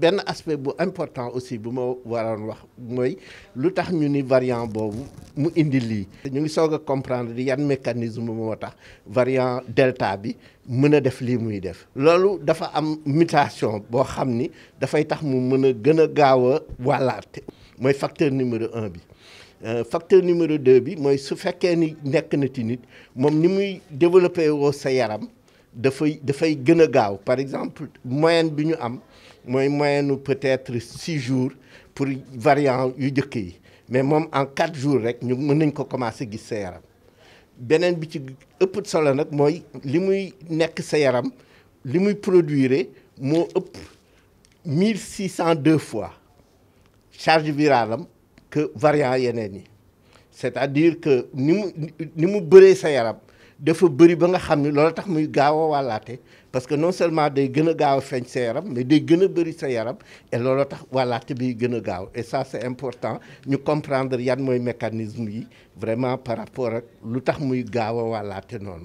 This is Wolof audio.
ben aspect bu important aussi bu ma waroon wax moy lutax tax ñu ni variant bobu mu indi li ñu ngi soga comprendre di yane mécanisme moo tax variant delta bi mën def li muy def. lolu dafa am mutation bo xamni da fay tax mu mën gëna gën a moy facteur numéro 1 bi. euh, facteur numéro 2 bi moy su fekkee ni nek na ti nit mom ni muy développer woo sa yaram dafay dafay gën a gaaw par exemple moyenne bi ñu am mooy moyenne peut-être six jours pour variant yu njëkk yi mais moom en quatre jours rek ñu mën nañ ko commencer gis sa yaram beneen bi ci ëpp solo nag mooy li muy nekk sa yaram li muy produire moo ëpp 1602 deux fois charge virale am que variant yeneen yi c'est-à-dire que ni mu ni mu bëree sa yaram de bëri ba nga xam ne loolu tax muy gaaw a wàllaate parce que non seulement day gën a gaaw a feeñ sa yaram mais day gën a bëri sa yaram et loolu tax wàllaate bi gën a gaaw et ça c'est important ñu comprendre yan mooy mécanisme yi vraiment par rapport ak lu tax muy gaaw a wàllaate noonu